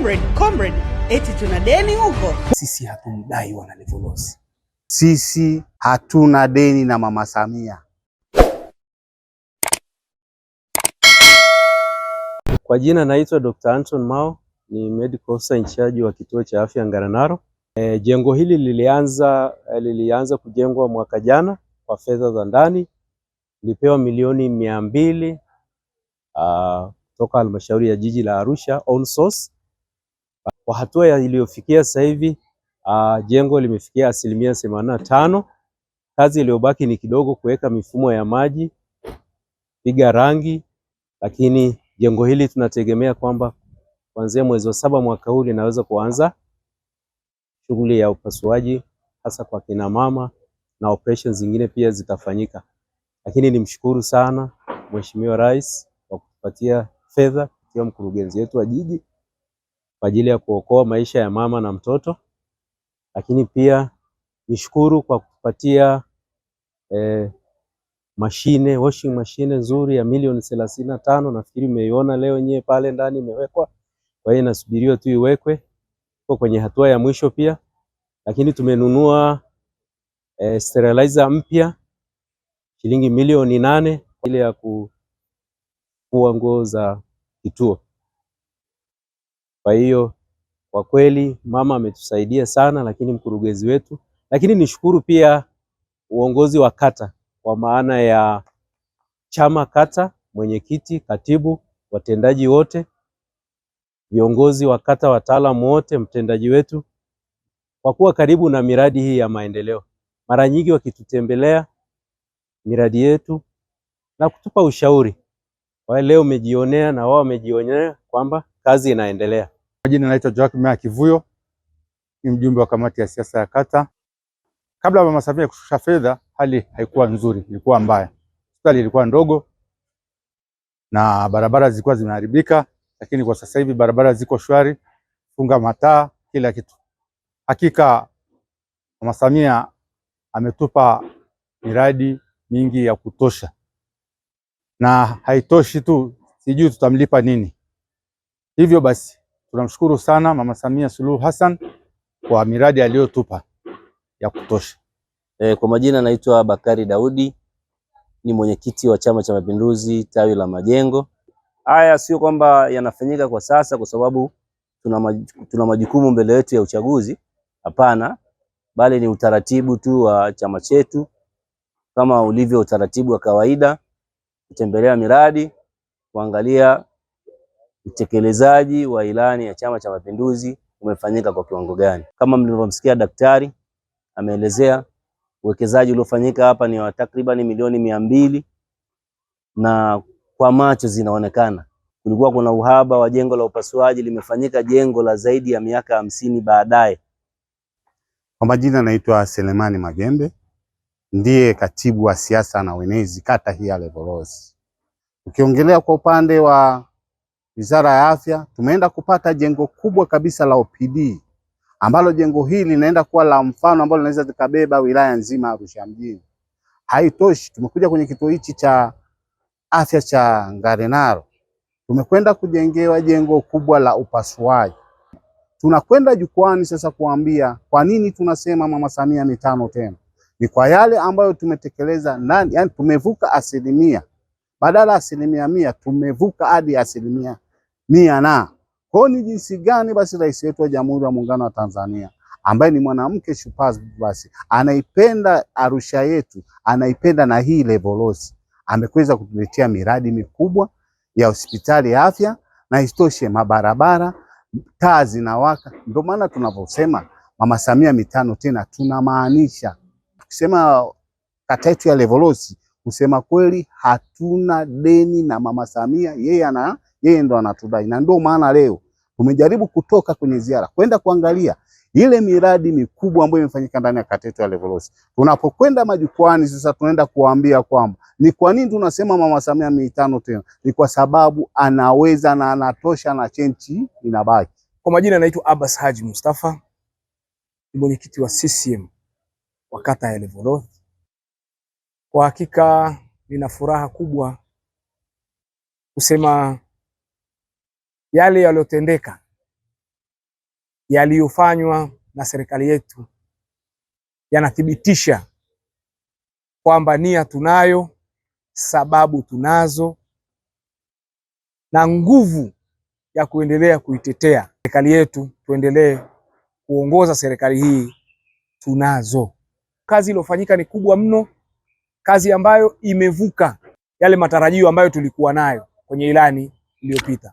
comrade, comrade, eti tuna deni huko. Sisi hatumdai wanalevolosi, sisi hatuna deni na mama Samia. Kwa jina naitwa Dr. Anton Mao, ni medical officer in charge wa kituo cha afya Ngaranaro. E, jengo hili lilianza e, lilianza kujengwa mwaka jana kwa fedha za ndani, lipewa milioni mia mbili uh, toka halmashauri ya jiji la Arusha on source kwa hatua iliyofikia sasa hivi uh, jengo limefikia asilimia themanini na tano. Kazi iliyobaki ni kidogo kuweka mifumo ya maji, piga rangi, lakini jengo hili tunategemea kwamba kuanzia mwezi wa saba mwaka huu linaweza kuanza shughuli ya upasuaji hasa kwa kina mama na operations zingine pia zitafanyika. Lakini nimshukuru sana Mheshimiwa Rais kwa kutupatia fedha kupitia mkurugenzi wetu wa jiji kwa ajili ya kuokoa maisha ya mama na mtoto, lakini pia nishukuru kwa kupatia eh, mashine washing machine nzuri ya milioni thelathini na tano. Nafikiri umeiona leo nyewe pale ndani imewekwa, kwa hiyo inasubiriwa tu iwekwe, iko kwenye hatua ya mwisho pia, lakini tumenunua eh, sterilizer mpya shilingi milioni nane ile ya kuua nguo za kituo. Kwa hiyo kwa kweli mama ametusaidia sana, lakini mkurugenzi wetu, lakini nishukuru pia uongozi wa kata kwa maana ya chama kata, mwenyekiti, katibu, watendaji wote, viongozi wa kata, wataalamu wote, mtendaji wetu, kwa kuwa karibu na miradi hii ya maendeleo. Mara nyingi wakitutembelea miradi yetu na kutupa ushauri, kwa leo umejionea na wao wamejionea kwamba kazi inaendelea. Majina naitwa Joakim Mea Kivuyo, ni mjumbe wa kamati ya siasa ya kata. Kabla mama Samia kushusha fedha, hali haikuwa nzuri, ilikuwa mbaya. Hospitali ilikuwa ndogo na barabara zilikuwa zimeharibika, lakini kwa sasa hivi barabara ziko shwari, funga mataa, kila kitu. Hakika mama Samia ametupa miradi mingi ya kutosha, na haitoshi tu, sijui tutamlipa nini. Hivyo basi Tunamshukuru sana Mama Samia Suluhu Hassan kwa miradi aliyotupa ya kutosha. E, kwa majina naitwa Bakari Daudi ni mwenyekiti wa Chama cha Mapinduzi tawi la Majengo. Haya sio kwamba yanafanyika kwa sasa kwa sababu tuna majukumu mbele yetu ya uchaguzi, hapana, bali ni utaratibu tu wa chama chetu kama ulivyo utaratibu wa kawaida kutembelea miradi kuangalia utekelezaji wa ilani ya Chama cha Mapinduzi umefanyika kwa kiwango gani. Kama mlivyomsikia daktari ameelezea, uwekezaji uliofanyika hapa ni wa takribani milioni mia mbili na kwa macho zinaonekana kulikuwa kuna uhaba wa jengo la upasuaji, limefanyika jengo la zaidi ya miaka hamsini baadaye. Kwa majina naitwa Selemani Magembe, ndiye katibu wa siasa na wenezi kata hii ya Levolosi. Ukiongelea kwa upande wa Wizara ya Afya tumeenda kupata jengo kubwa kabisa la OPD ambalo jengo hili linaenda kuwa la mfano ambalo linaweza likabeba wilaya nzima ya Arusha mjini. Haitoshi, tumekuja kwenye kituo hichi cha afya cha Ngarenaro, tumekwenda kujengewa jengo kubwa la upasuaji. Tunakwenda jukwani sasa kuambia kwa nini tunasema Mama Samia mitano tena, ni kwa yale ambayo tumetekeleza ndani, yani tumevuka asilimia badala asilimia mia tumevuka hadi asilimia mia na kwao. Ni jinsi gani basi rais wetu wa Jamhuri ya Muungano wa Tanzania ambaye ni mwanamke shupavu, basi anaipenda Arusha yetu, anaipenda na hii Levolosi, ameweza kutuletea miradi mikubwa ya hospitali ya afya na isitoshe mabarabara, taa zinawaka. Ndio maana tunaposema Mama Samia mitano tena tunamaanisha, tukisema kata yetu ya Levolosi Kusema kweli, hatuna deni na mama Samia, yeye ana yeye ndo anatudai, na ndio maana leo tumejaribu kutoka kwenye ziara kwenda kuangalia ile miradi mikubwa ambayo imefanyika ndani ya kata yetu ya Levolosi. Tunapokwenda majukwani sasa, tunaenda kuambia kwamba ni kwa nini tunasema mama Samia mitano tena, ni kwa sababu anaweza na anatosha na chenchi inabaki. Kwa majina anaitwa Abbas Haji Mustafa, ni mwenyekiti wa CCM wa kata ya Levolosi. Kwa hakika nina furaha kubwa kusema yale yaliyotendeka, yaliyofanywa na serikali yetu yanathibitisha kwamba nia tunayo, sababu tunazo, na nguvu ya kuendelea kuitetea serikali yetu. Tuendelee kuongoza serikali hii tunazo. Kazi iliyofanyika ni kubwa mno kazi ambayo imevuka yale matarajio ambayo tulikuwa nayo kwenye ilani iliyopita,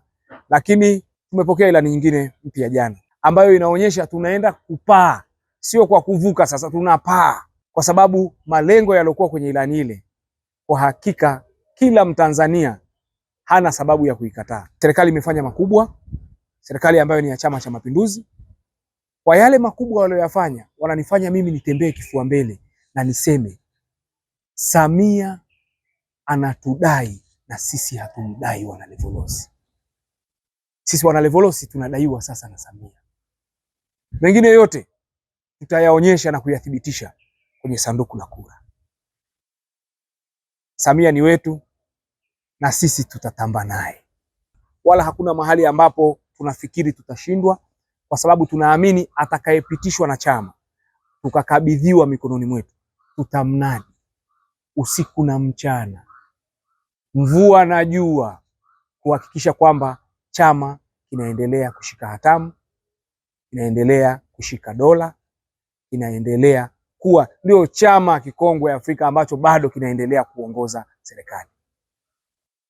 lakini tumepokea ilani nyingine mpya jana ambayo inaonyesha tunaenda kupaa, sio kwa kuvuka. Sasa tunapaa kwa sababu malengo yaliokuwa kwenye ilani ile, kwa hakika kila Mtanzania hana sababu ya kuikataa. Serikali imefanya makubwa, serikali ambayo ni ya Chama cha Mapinduzi. Kwa yale makubwa walioyafanya, wananifanya mimi nitembee kifua mbele na niseme Samia anatudai na sisi hatumdai wanalevolosi. Sisi wanalevolosi tunadaiwa sasa na Samia. Mengine yote tutayaonyesha na kuyathibitisha kwenye sanduku la kura. Samia ni wetu na sisi tutatamba naye, wala hakuna mahali ambapo tunafikiri tutashindwa, kwa sababu tunaamini atakayepitishwa na chama tukakabidhiwa mikononi mwetu tutamnadi usiku na mchana, mvua na jua, kuhakikisha kwamba chama kinaendelea kushika hatamu, inaendelea kushika dola, inaendelea kuwa ndio chama kikongwe Afrika ambacho bado kinaendelea kuongoza serikali.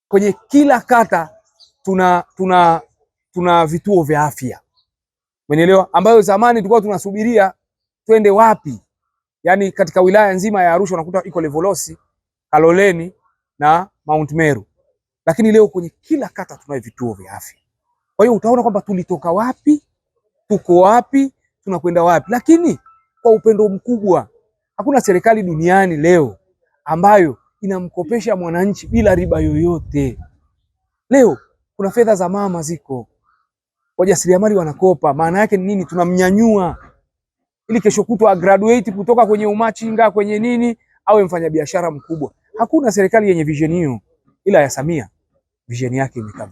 Kwenye kila kata tuna tuna tuna vituo vya afya, umeelewa, ambayo zamani tulikuwa tunasubiria twende wapi yani katika wilaya nzima ya Arusha unakuta iko Levolosi, Kaloleni na Mount Meru, lakini leo kwenye kila kata tunayo vituo vya afya. Kwa hiyo utaona kwamba tulitoka wapi, tuko wapi, tunakwenda wapi. Lakini kwa upendo mkubwa, hakuna serikali duniani leo ambayo inamkopesha mwananchi bila riba yoyote. Leo kuna fedha za mama ziko, wajasiriamali wanakopa. Maana yake ni nini? Tunamnyanyua ili kesho kutwa graduate kutoka kwenye umachinga kwenye nini awe mfanyabiashara mkubwa. Hakuna serikali yenye vision hiyo, ila ya Samia vision yake imekaa